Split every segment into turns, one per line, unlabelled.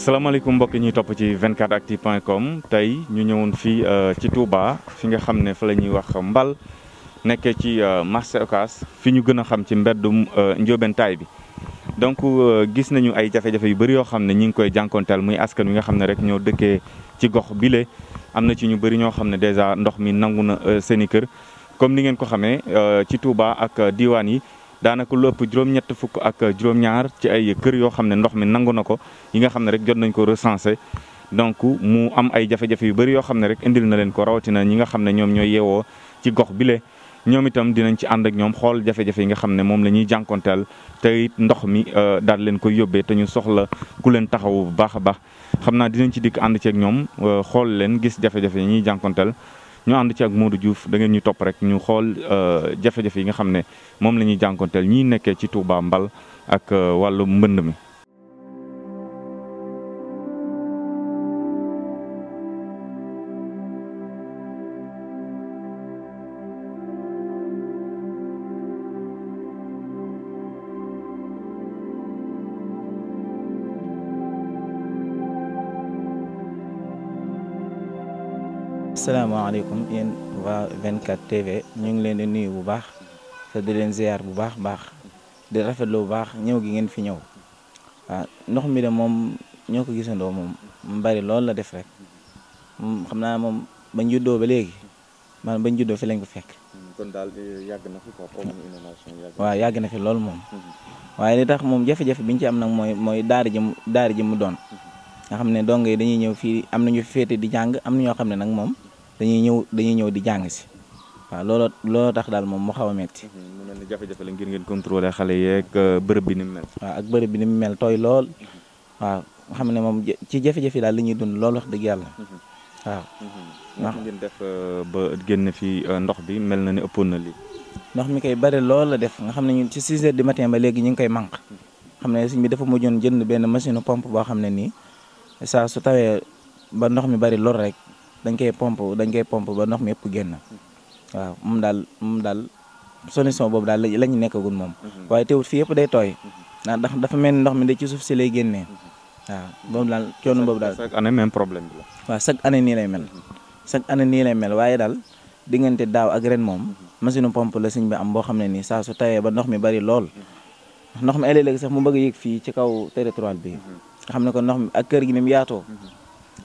salaamaaleykum mbokk ñuy topp ci 24actu point com tey ñu ñëwoon fii euh, ci Touba fi nga xam ne fa la ñuy wax mbal nekkee ci euh, marché Ocass fi ñu gën a xam ci mbeddum euh, njóobentaay bi. donc gis nañu ay jafe-jafe yu bari yoo xam ne ñi ngi koy jànkonteel muy askan wi nga xam ne rek ñoo dëkkee ci gox bile am na ci ñu bëri ñoo xam ne dèjà ndox mi nangu na seen i kër comme ni ngeen ko xamee ci Touba ak diwaan yi. daanaka lu ëpp juróom-ñett fukk ak juróom-ñaar ci ay kër yoo xam ne ndox mi nangu na ko yi nga xam ne rek jot nañ ko recensé donc mu am ay jafe-jafe yu bari yoo xam ne rek indil na leen ko rawatina ñi nga xam ne ñoom ñooy yeewoo ci gox bile ñoom itam dinañ ci ànd ak ñoom xool jafe-jafe yi nga xam ne moom la ñuy jànkonteel te ndox mi euh, daal leen koy yóbbee te ñu soxla ku leen taxawu bu baax a baax xam naa dinañ ci dikk ànd ceeg ñoom euh, xool leen gis jafe-jafe ñuy jànkonteel ñu ànd ci ak Modou Diouf da ngeen ñu topp rek ñu xool euh, jafe-jafe yi nga xam ne moom la ñuy jànkonteel ñii nekkee ci Touba Mbal ak euh, wàllu mbënd mi.
salaamaaleykum yéen waa 24 TV ñu ngi leen di nuyu bu baax te leen ziar bu baax baax di rafetlu bu baax ñëw gi ngeen fi ñëw waaw ndox mi de moom ñoo ko gisandoo moom mu bari loolu la def rek xam naa moom bañ juddoo ba léegi maanaam bañ juddoo fi lañ ko fekk.
kon daal yàgg na fi
quoi yàgg na fi loolu moom. Mhm. waaye li tax moom jafe-jafe bi ñu ci am nag mooy mooy daara ji mu daara doon. Mhm. nga xam ne dong yi dañuy ñëw fii am na ñu féete di jàng am na ñoo xam ne nag moom. dañuy ñëw dañuy ñëw di jàng si waaw looloo looloo tax daal moom mu xaw a metti mhm, mu
mel ni jafe-jafe la ngir ngeen contrôler xale yeeg euh, bërëb bi ni waaw
ak bërëb bi ni mu mel tooy lool mhm. waaw xam ne moom ci jafe daal li ñuy dund lool dëgg yàlla. Mhm. waaw. ndax
ngeen def euh, ba génn fi euh, ndox bi mel na ni ëppoon na lii.
ndox mi koy bari lool la def nga xam ne ñun ci 6 di matin ba léegi ñu ngi koy manq xam ne siñ bi dafa mujjoon jënd benn machine pompe boo xam ne nii saa su tawee ba ndox mi bari loolu rek dañ koy pompe dañ koy pompe ba ndox mi yëpp génn waaw moom daal moom daal solution boobu daal la ñu nekkagul moom. Mhm. waaye teewut fii yëpp day tooy. Mhm. ndax dafa mel ni ndox mi day ci suuf si lay génnee. Mhm. waaw moom daal coono boobu daal chaque année même problème bi la. waaw chaque nii lay mel. chaque année nii lay mel waaye daal diggante daaw ak ren moom machine pompe la sëñ bi am boo xam ne nii saa su tawee ba ndox mi bari lool. ndox mi léeg-léeg sax mu bëgg a yëg fii ci kaw territoire bi. xam ne ko ndox mi ak kër gi ni mu yaatoo.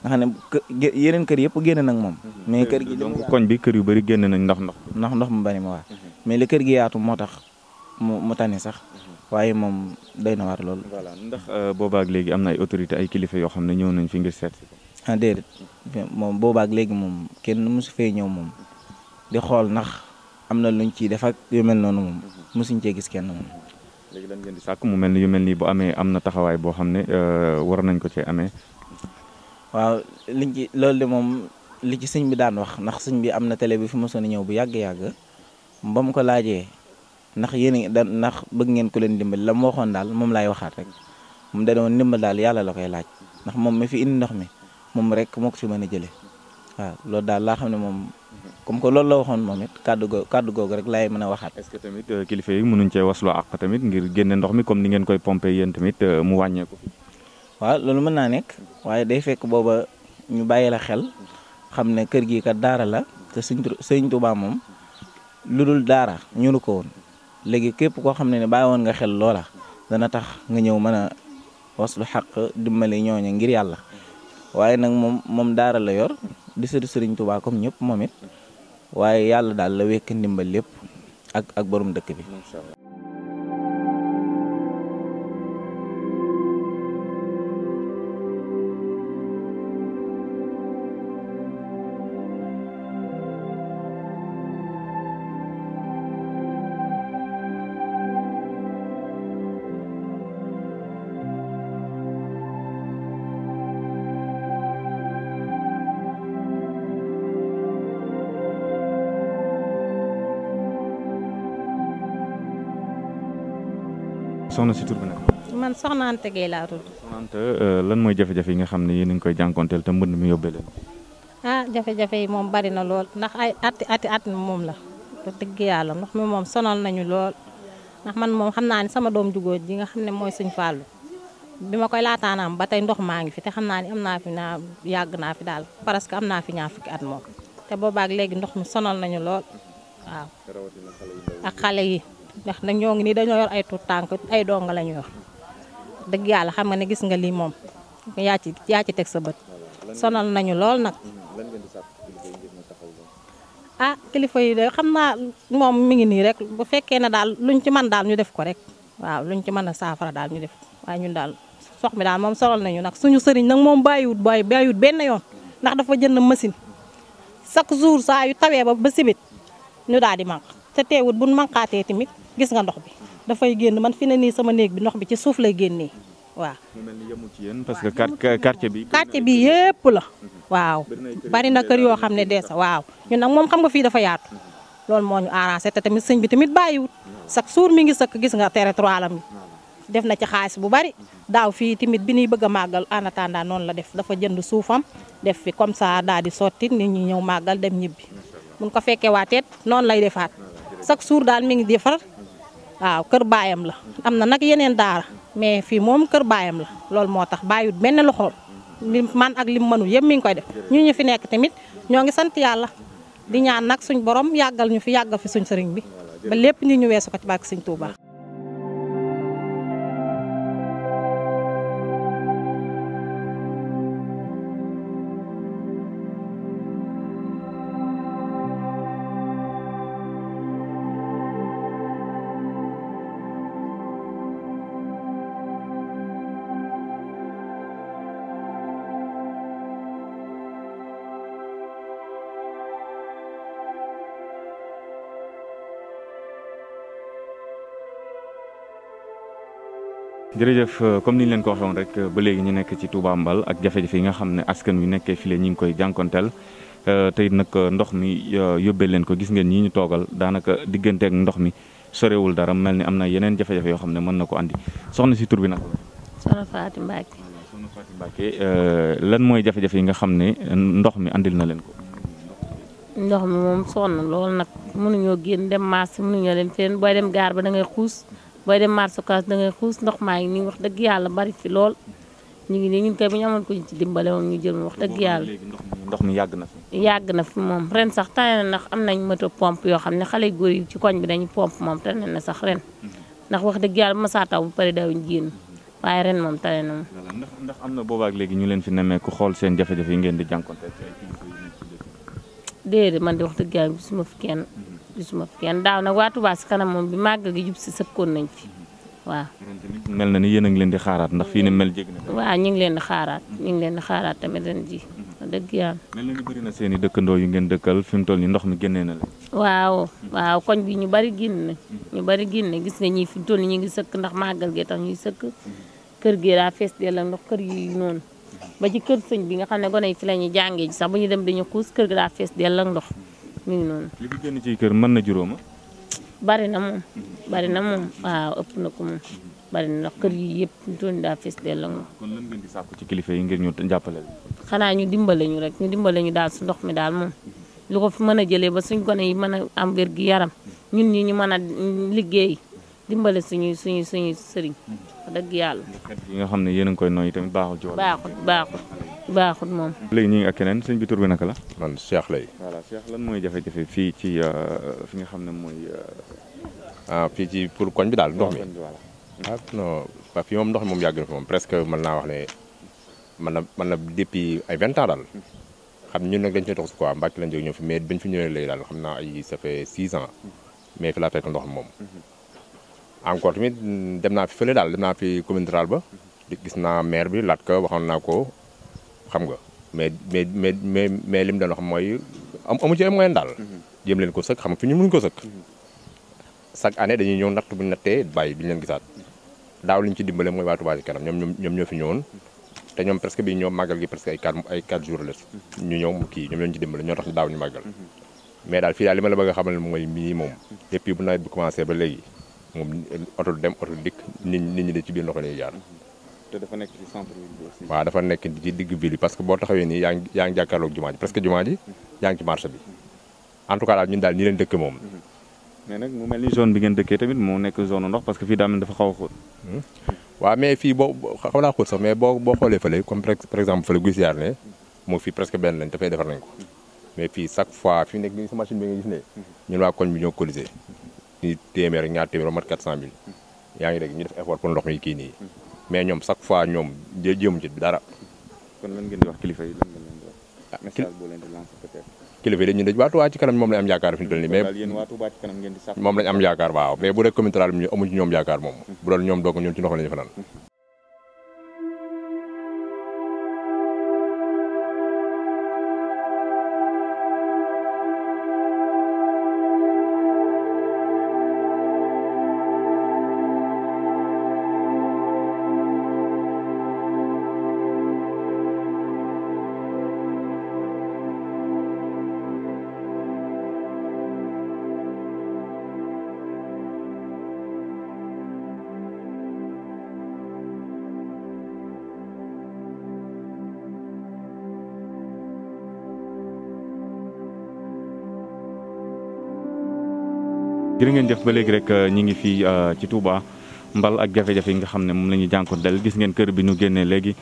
nga xam ne yeneen kër yëpp génn nag moom mhm.
mais kër gi donc koñ bi kër yu bëri génn nañ ndax ndox
ndax ndox mu bëri ma mais li kër gi yaatu moo tax mu mu sax mhm. waaye moom day na waar loolu voilà
ndax euh, boobaak léegi am na ay autorité ay kilifa yoo xam ne ñëw nañ fi ngir seet
ah déedéet moom boobaak léegi moom kenn mu mosu fee ñëw moom di xool ndax am na luñ ciy def yu mel noonu moom mosuñ mhm. cee gis kenn moom léegi lan ngeen mu
mel ni yu mel nii boo amee am na taxawaay boo xam ne euh, war nañ ko cee amee
waaw liñ ci loolu de moom li ci sëñ bi daan wax ndax sëñ bi am na tele bi fi mosoon a ñëw bu yàgg-yàgg ba mu ko laajee ndax yéen da ndax bëgg ngeen ko leen dimbali la mu waxoon daal moom laay waxaat rek mu da doon dimbal daal yàlla la koy laaj ndax moom mi fi indi ndox mi moom rek moo ko si mën a jëlee waaw loolu daal laa xam ne moom comme que loolu la waxoon moom it kàddu googu kàddu googu rek laay mën a waxaat. est-ce que euh,
yi mënuñ cee wasloo ak tamit ngir génne ndox mi comme ni ngeen koy pompé yéen tamit euh, mu wàññeeku.
waaw loolu mën naa nekk waaye day fekk booba ñu bàyyi la xel xam ne kër gii kat daara la te sëñ sëñ Tuubaa moom lu dul daara ñuru ko woon léegi képp koo xam ne ne bàyyi woon nga xel loola dana tax nga ñëw mën a waslu xaq dimbali ñooñu ngir yàlla waaye nag moom moom daara la yor di sëriñ sëriñ Tuubaa comme ñëpp moom it waaye yàlla daal la wekk ndimbal lépp ak ak borom dëkk bi.
soxna si tur bi nag.
man soxna Anta Gueye laa tudd.
Euh, lan mooy jafe-jafe yi nga xam ne yéen a ngi koy jànkonteel te mbënd mi yóbbee leen.
ah jafe-jafe yi moom bari na lool ndax ay ati ati at moom la wax yàlla ndox mi moom sonal nañu lool ndax man moom xam naa ne sama doom jugóor ji nga xam ne mooy Sëñ Fallou bi ma koy laataanaam ba tey ndox maa ngi fi te xam naa ni am naa fi naa yàgg naa fi daal parce que am naa fi ñaar fukki at moom te boobaak léegi ndox mi sonal nañu lool waaw ak xale yi ndax nag ñoo ngi nii dañoo yor ay tuut tànk ay donga lañu yor dëgg yàlla xam nga ne gis nga lii moom yaaci yaa ci teg sa bët sonal nañu lool nag ah kilifa yi de xam naa moom mi ngi nii rek bu fekkee ne daal luñ ci mën daal ñu def ko rek waaw luñ ci mën a saafara daal ñu def waaye ñun daal sox mi daal moom sonal nañu nag suñu sëriñ nag moom bàyyiwut bàyyi bàyyiwut benn yoon ndax dafa jënd machine chaque jour saa yu tawee ba ba sibit ñu daal di màq te teewut buñ manqaatee tamit gis nga ndox bi dafay génn man fi ne nii sama néeg bi ndox bi ci suuf lay génnee
waaw. mu parce que quartier bi. quartier
bi yëpp la. waaw bari na kër yoo xam ne dee sa waaw ñu nag moom xam nga fii dafa yaatu. loolu moo ñu arrangé te tamit sëñ bi tamit bàyyiwut chaque jour mi ngi sëkk gis nga territoire am def na ci xaalis bu bari daaw fii tamit bi ñuy bëgg a màggal en attendant noonu la def dafa jënd suufam def fi comme ça daal di sotti nit ñi ñëw màggal dem ñibbi buñ ko fekkee chaque jour daal mi ngi defar waaw kër baayam la am na nag yeneen daara mais fii moom kër baayam la loolu moo tax bàyyiwut benn loxoom li man ak li mu mënul yëpp mi ngi koy def ñu ñu fi nekk tamit ñoo ngi sant yàlla di ñaan nag suñ borom yàggal ñu fi yàggal fi suñ sëriñ bi ba lépp ñu ñu weesu ko ci barke Sëriñ Tuubaa
jërëjëf euh, comme ni ñu leen ko waxee rek euh, ba léegi ñu nekk ci Touba Mbal ak jafe-jafe yi nga xam ne askan wi nekkee file ñi ngi koy jànkonteel euh, tey nag ndox mi yóbbee leen ko gis ngeen ñi ñu toogal daanaka digganteeg ndox mi sorewul dara mel ni am na yeneen jafe yoo xam ne mën na ko andi soxna si tur bi nag.
soxna Fatou Mbacke.
soxna lan mooy jafe-jafe yi nga xam ne ndox mi andil na leen ko.
ndox mi moom sonn lool nag mënuñoo génn dem marché mënuñoo dem fenn booy dem gaar ba da xuus. booy dem marché Ocass da ngay xuus ndox maa ngi nii wax dëgg yàlla bari fi lool ñu ngi nii ñun kay bu ñu amoon ko ñu ci dimbale moom ñu jël wax dëgg yàlla.
ndox mi yàgg na fi.
yàgg na moom ren sax tane na ndax am nañ moto pompe yoo xam ne xale góor yi ci koñ bi dañuy pompe moom tane na sax ren. Mhm. ndax wax dëgg yàlla bu ma saa taw bu pare daawuñ génn mhm. waaye ren moom tane na moom.
ndax ndax na boobaak léegi ñu leen fi nemmeeku xool seen jafe-jafe yi ngeen di jànkuwanteel ci
ay man di wax dëgg yàlla gisuma kenn daaw nag waa Touba si kanam moom bi màgg gi jub si sëkkoon nañ fi waaw.
mel na ni yéen a ngi leen di xaaraat ndax fii ne mel jég na.
waaw ñu ngi leen di xaaraat ñu ngi leen di xaaraat tamit ren ji mhm. dëgg yàlla. mel na
ni bëri na seen i dëkkandoo yi ngeen dëkkal fi mu toll nii ndox mi génnee na leen.
waaw waaw koñ bi ñu bari génn ñu bari génn gis nga ñi fi mu toll ñu ngi sëkk ndax màggal gee tax ñuy sëkk mhm. kër gee daa fees dell ak ndox kër gi noonu mhm. ba ci kër sëñ xam ne gone yi fi la ñuy jàngee ji sax bu ñu dem dañu xuus kër gi fees dell
ak ndox mi ngi ci kër mën na juróoma.
bari na moom bari na moom waaw ëpp na ko moom bari na ndax kër yi yëpp doon daa fees la moom.
kon ci kilifa yi ngir ñu jàppale
xanaa ñu dimbale ñu rek ñu dimbale ñu daal su ndox mi daal moom lu ko fi mën a jëlee ba suñ gone yi mën a am wér gi yaram ñun ñi ñu mën a liggéey dimbale suñuy suñuy suñuy sëriñ. wax dëgg yàlla.
yi nga xam ne yéen a ngi koy noyyi tamit baaxul ci
baaxul baaxut moom.
léegi ñu ngi keneen sëñ bi tur bi naka la. man Cheikh lay. voilà lan mooy jafe-jafe fii ci euh, fi nga xam ne mooy. Euh, ah fii ci
pour koñ bi daal ndox mi ah non fii moom ndox mi moom yàgg na fi moom presque mën naa wax ne mën na mën na depuis ay vingt ans daal. xam ñun nag dañ cee toog si quoi Mbàkke lañ jóge ñëw fi mais bañ fi ñëwee léegi xam naa ay ça fait six mais fi laa fekk ndox mi moom. encore tamit dem naa fi fële daal dem naa fi commune rurale ba. gis naa maire bi laat ko waxoon naa ko. xam nga mais mais mais mais mais li mu doon wax mooy am amu ci ay moyen daal. Mhm. jéem leen ko sëkk xam nga fi ñu mënuñ ko sëkk. Mhm. chaque année dañuy ñëw natt bu ñu nattee bàyyi bi ñu leen gisaat daaw li ñu ci dimbale mooy waa Touba ci kanam ñoom ñoom ñoo fi ñëwoon. te ñoom presque bi ñoom màggal gi presque ay quatre ay quatre jours la mhm. ñu ñëw kii ñoom ñoo ci dimbale ñoo tax ñu daaw ñu màggal. mais daal fii daal li ma la bëgg a xamal mooy mii moom. depuis bu nawet bi commencé ba léegi moom oto du dem oto du dikk nit ñi nit ñi de ci biir ndox la ñuy jaar.
te dafa nekk ci centre ville
bi nekk ci digg ville parce que boo taxawee nii yaa ngi yaa ngi jàkkaarloog jumaa ji presque jumaa ji yaa ngi ci marché bi en tout cas daal daal ñi dëkk moom. Mhm.
mais nag mel ni zone
bi ngeen dëkkee tamit moo nekk zone ndox parce que fii daa a xóot. Hmm? waaw fii boo xaw naa xóot sax mais boo boo xoolee fële comme par exemple fële Guy Siyaar benn lañ dafay defar nañ ko mais fii chaque fois fi nekk nii sa machine bi nga gis ne mhm. ñun waa koñ bi ñoo colisé. ñuy téeméer ak ñaar téeméer ba mat 400000. Mhm. yaa ngi dégg ñu def effort pour ndox mi kii nii mais ñoom chaque fois ñoom jë jëmu ci dara. kon lan ngeen di wax ah, kanam moom lañ am yaakaar fi ñu
toll moom
lañ am yaakaar waaw mais bu dee communauté rurale bi amuñ ñoom yaakaar moom. Mm-hmm. bu doon ñoom doog ñoom ci ndox lañu fanaan mm-hmm.
jërë ngeen jëf ba léegi rek euh, ñi ngi fi euh, ci Touba mbal ak jafe-jafe yi nga xam ne moom la ñuy jànkuwanteel gis ngeen kër bi ñu génnee léegi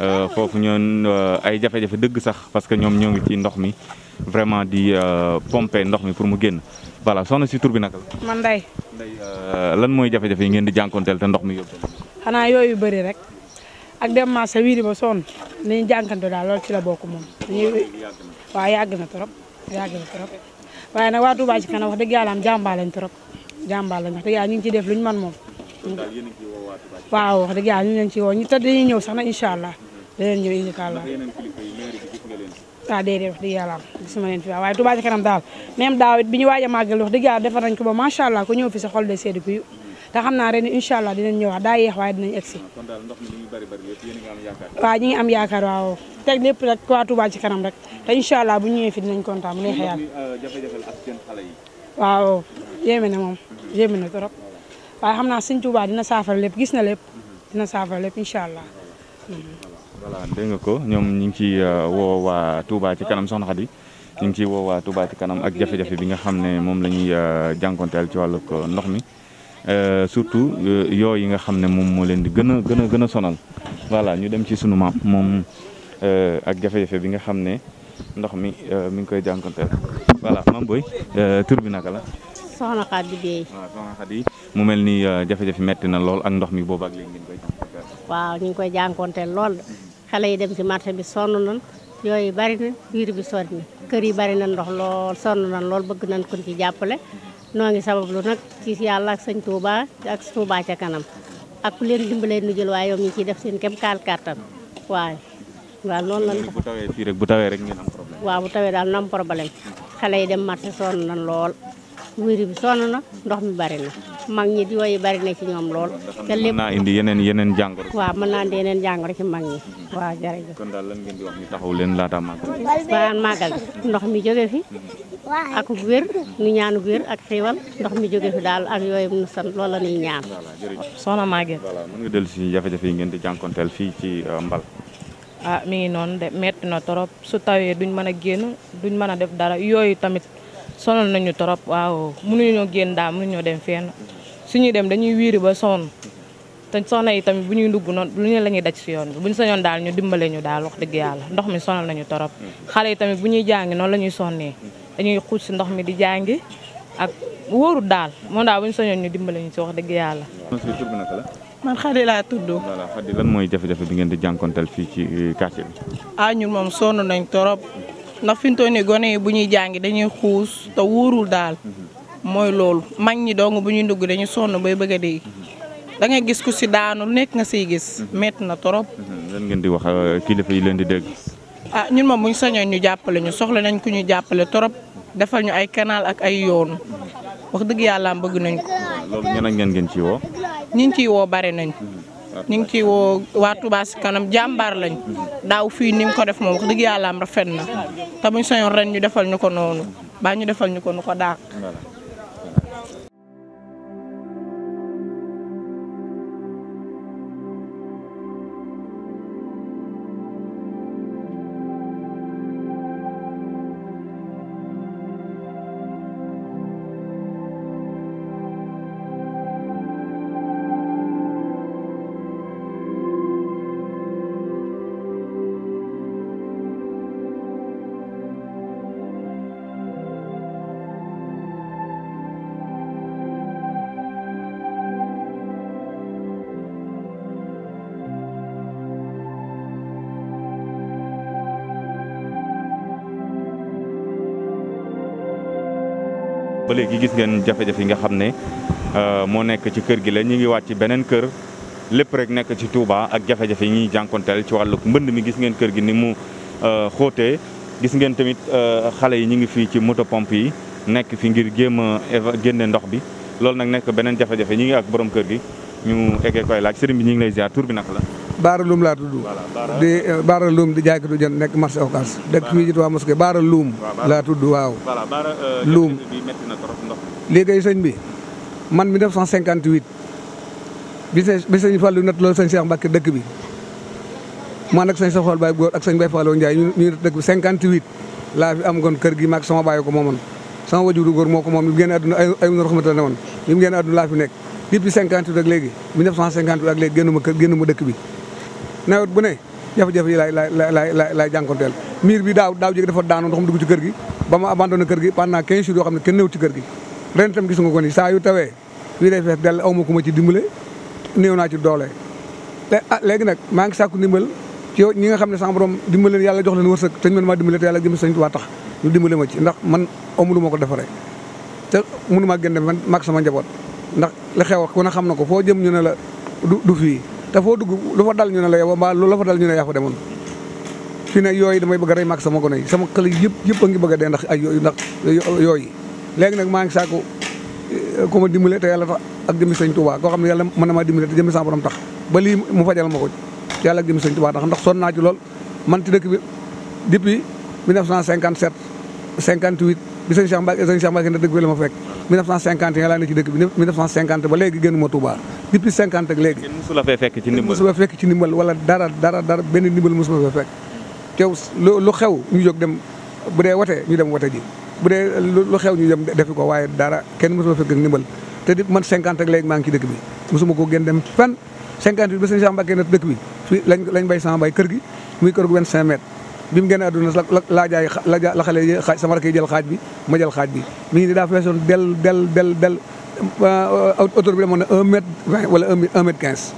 euh, foofu ñoon ay jafe-jafe dëgg sax parce que ñoom ñoo ngi ci ndox mi vraiment di pomper ndox mi pour mu génn voilà soxna si bi naka la. man Ndeye. Ndeye lan mooy jafe-jafe yi ngeen di jànkuwanteel te ndox mi yóbbu.
xanaa yooyu bëri rek ak dem marché wiiri ba sonn li ñu jànkuwante daal loolu ci la bokk moom. waaw yàgg na trop yàgg na trop. waaye nag waa Touba ci kanam wax dëgg yàlla am jàmbaar lañ trop jàmbaar lañ wax ngi ciy def lu ñu man moom waaw wax dëgg yàlla ñu ngi leen ci woo ñu te dañuy ñëw sax na incha allah dañu leen ñëw incha allah waaw ah, déedéet wax dëgg yàlla am gisuma leen fi waaw waaye Touba ci kanam daal même daaw it bi ñu waaj a màggal wax dëgg yàlla defar ko ba macha allah ku ñëw fi sa xol de seedi kuyu te xam naa ren incha allah dinañ ñëwaat daa yeex waaye dinañ egg si. Ah, kon daal ndox mi li muy
bari bari ngi am yaakaar. waaw
ñu ngi am yaakaar teg lépp rek waa Touba ci kanam rek te incha bu ñëwee fi dinañ kontaan bu neexee
yàlla. Euh, jafe-jafe
na moom yéeme na trop waaye xam naa sëñ Touba dina saafara lépp gis na lépp dina saafara lépp incha allah.
voilà dégg nga ko ñoom ñu ngi ciy euh, woo waa Touba ci kanam soxna Khady ñu ngi ciy woo waa ci kanam ak jafe-jafe bi nga xam ne moom la ñuy euh, jànkonteel ci wàllu ndox mi Euh, surtout euh, yoo yi nga xam ne moom moo leen di gën a gën a gën a sonal voilà ñu dem ci suñu maam moom euh, ak jafe-jafe bi nga xam ne ndox mi mi ngi koy jànkonteel voilà maam la.
soxna Khady Beye.
mu mel ni jafe-jafe metti na lool ak ndox mi boobu ak léegi ngeen koy jànkonteel.
waaw ñu ngi koy jànkonteel lool xale yi dem ci marché bi sonn nañ yooyu bari na biir bi sori kër yi bari na ndox lool sonn nañ lool bëgg nañ ko ci jàppale. noo ngi sabablu nag ci yàlla ak sëñ Touba ak Touba ca kanam ak ku leen dimbalee nu jël waaye yoom ñi ciy def seen kem kaal kàttan waaye waaw loolu lan bu
tawee fii bu tawee rek ngeen am
waaw bu daal na am problème xale yi dem marché sonn na lool wéri bi sonn na ndox mi bari na mag ñi di yi bari na ci ñoom lool te lépp mën naa
indi yeneen yeneen jàngoro
waaw mën naa indi yeneen jàngoro ci mag ñi
waaw jërëjëf kon daal lan ngeen di wax ñu taxaw leen laata màggal bi ndox
mi jóge fi mm-hmm. ak wér nu ñaanu wér ak xéewal ndox mi jóge fi daal ak yooyu nu san loolu la ñuy ñaan. soxna Maguette. voilà
mën nga dellu si jafe-jafe yi ngeen di jànkonteel fii ci euh, Mbal.
ah mi ngi noonu de metti na trop su tawee duñ mën a génn duñ mën a def dara yooyu tamit sonal nañu trop waaw mënuñoo génn daal mënuñoo dem fenn suñuy dem dañuy wiiri ba sonn te soxna yi tamit bu ñuy dugg noonu lu la ñuy daj si yoon bi bu ñu sañoon daal ñu dimbale ñu daal wax ndox mi sonal nañu trop mm-hmm. xale sonnee dañuy xuus si ndox mi di jàngi ak wóoru daal moom daal bu ñu soñoon ñu dimbale ñu si wax dëgg
yàlla. man xadi laa tudd. voilà
mooy jafe-jafe bi ngeen di jànkonteel fii ci euh, quartier bi.
ah ñun moom sonn nañ torop ndax fi mu toll nii gone yi bu ñuy jàngi dañuy xuus te wóorul daal. Mhm. mooy loolu mag ñi doom bu ñuy dugg dañu sonn bay bëgg a dee. Mhm. da ngay gis ku si daanu nekk nga siy gis. métti mhm. na torop.
lan ngeen di wax kii euh, kilifa yi leen di dégg.
ah ñun moom bu ñu sañoon ñu jàppale ñu soxla nañ ku ñu jàppale torop defal ñu ay canal ak ay yoon wax dëgg yàlla bëgg nañ ko. loolu
ñan ak ñan ngeen ciy woo.
ñi ciy woo bare nañ. Mm-hmm. ñu ngi ciy woo waa Touba si kanam jàmbaar lañ mm-hmm. daaw fii ni mu ko def moom wax dëgg yàlla am rafet na te bu ñu sañoon ren ñu defal ñu ko noonu baa ñu defal ñu ko nu ko dàq.
ba léegi gis ngeen jafe-jafe nga xam ne euh, moo nekk ci kër gi la ñu ngi waat ci beneen kër lépp rek nekk ci Touba ak jafe-jafe yi ñuy jànkonteel ci wàllu mbënd mi gis ngeen kër gi ni mu euh, xóotee gis ngeen tamit euh, xale yi ñu ngi fii ci moto pompe yi nekk fi ngir jéem a génne ndox bi loolu nag nekk beneen jafe-jafe ñi ngi ak borom kër gi ñu eggee koy laaj sëriñ bi ñu ngi lay ziar tur bi naka la
Baara Loum laa tudd. di Baara Loum di jaaykatu jën nekk marché Ocass. dëkk fii ci Touba Mosquée Baara Loum. laa tudd waaw. voilà Baara euh, Loum sëñ bi man 1958 bi sëñ bi sëñ Fallou nat loolu sëñ Cheikh Mbacke dëkk bi man ak sëñ Cheikh Fall Baye Góor ak sëñ Baye Fallou Ndiaye ñu ñu dëkk bi 58 laa fi am goon kër gi maag sama baay ko moomoon sama wajuru góor moo ko moom bi mu génn àdduna ay na raxmatal ne woon bi mu génn àdduna laa fi nekk depuis 58 ak léegi 1958 ak léegi génnuma kër génnuma dëkk bi nawet bu ne jafe-jafe yi laay laay laay laay laay jànkonteel miir bi daaw daaw jéeg dafa daanu ndox mu dugg ci kër gi ba ma abandonné kër gi pendant 15 jours yoo xam ne kenn néew ci kër gi ren itam gis nga ko saa yu tawee dell ma ku ma ci dimbale naa ci doole te ah léegi nag maa ngi sàkku ndimbal ci yow ñi nga xam ne sama borom dimbale yàlla jox leen wërsëg te ñu mën maa dimbale te yàlla jëm sañ waa tax ñu dimbale ma ci ndax man amul ma ko defaree te mënu maa génne man mag sama njaboot ndax la xew ku ne xam na ko foo jëm ñu ne la du du fii te foo dugg lu fa dal ñu ne la yow mbaa lu la fa ñu ne yaa fa demoon yooyu damay bëgg a rey maag sama gone yi sama xel yëpp yëpp a ngi bëgg a dee ndax ay yooyu ndax yooyu léegi nag maa ngi saako eh, ku ma dimbale te yàlla tax ak jëmmi sëñ Tuubaa koo xam ne yàlla mën na maa dimbale te jëmmi sama borom tax ba lii mu fajal ma ko yàlla ak jëmmi sëñ Tuubaa ndax sonn naa lool man ci dëkk bi depuis 1957 58 bi sëñ Cheikh Mbacke sëñ Cheikh Mbacke na dëkk bi la ma fekk 1951 laa ne ci dëkk bi 1950 ba léegi génn ma Touba depuis 50 ak
musu la fekk
ci ndimbal musu dara dara dara benn ndimbal musu la fee fekk. teew lu xew ñu jóg dem bu dee wote ñu dem wote ji bu dee lu xew ñu dem defi ko waaye dara kenn musu la fekk ak ndimbal te di man 50 ak léegi maa ngi ci dëkk bi musuma ko génn dem fenn 50 bi ba seen Cheikh Mbacké dëkk bi lañ bay sama bay kër gi muy kër gu 25 mètres. bi mu génn àdduna la laa jaay la xale yi xaaj sama rakk yi jël bi ma jël xaaj bi mi ngi ni daa feesoon del del del del euh, autour bi demoon na un mètre vingt wala quinze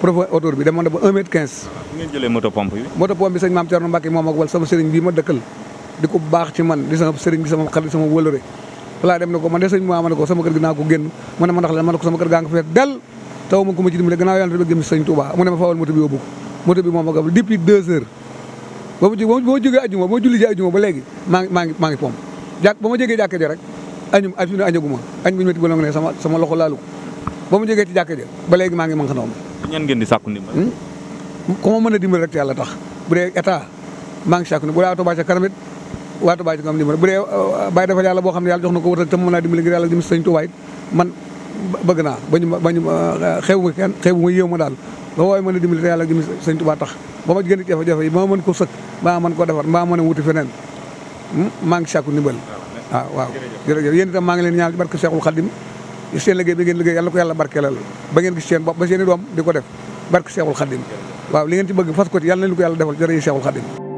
profond autour bi demoon na ba un mètre quinze
bi moto pompe
moom ak wala sama ne ma ne ko moto bi yóbbu moto bi moom ak depuis deux heures ba ma ba ma jógee ajuma ba ma julli ji ajuma ba maa ngi maa ngi maa ngi pomp jàkk ba ma jógee jàkka ja rek añum afi na añaguma añ bu ñu métti ba longa ne sama sama loxo laalu ba ma jógee ci jàkka ja ba léegi maa ngi man xandoom
ñan ngeen di sàkku ndimbal
hmm? ku ma mën a dimbal rek yàlla tax bu dee état maa ngi sàkku ne bu dee Touba ca kanam it waa Touba ca kanam dimbal bu dee bàyyi defal yàlla boo xam ne yàlla jox na ko wëtal tam mën naa dimbali ngir yàlla dimbali sëñ Touba it man bëgg naa bañu bañu uh, xeebu ma kenn xeebu ma yéew ma daal loo waaye mën a dimbali te yàlla gën sëñ Tuubaa tax ba ma gën a jafe-jafe yi ba ma mën ko sëkk mbaa mën ko defar mbaa mën a wuti feneen hmm? maa ngi sàkku ndimbal waaw waaw jërëjëf yéen itam maa ngi leen ñaan barke Seexul Xadim seen liggéey bi ngeen liggéey yàlla ko yàlla barkeelal ba ngeen gis seen bopp ba seen i doom di ko def barke Seexul Xadim waaw li ngeen ci bëgg fas ko ci yàlla nañu ko yàlla defal jërëjëf Seexul Xadim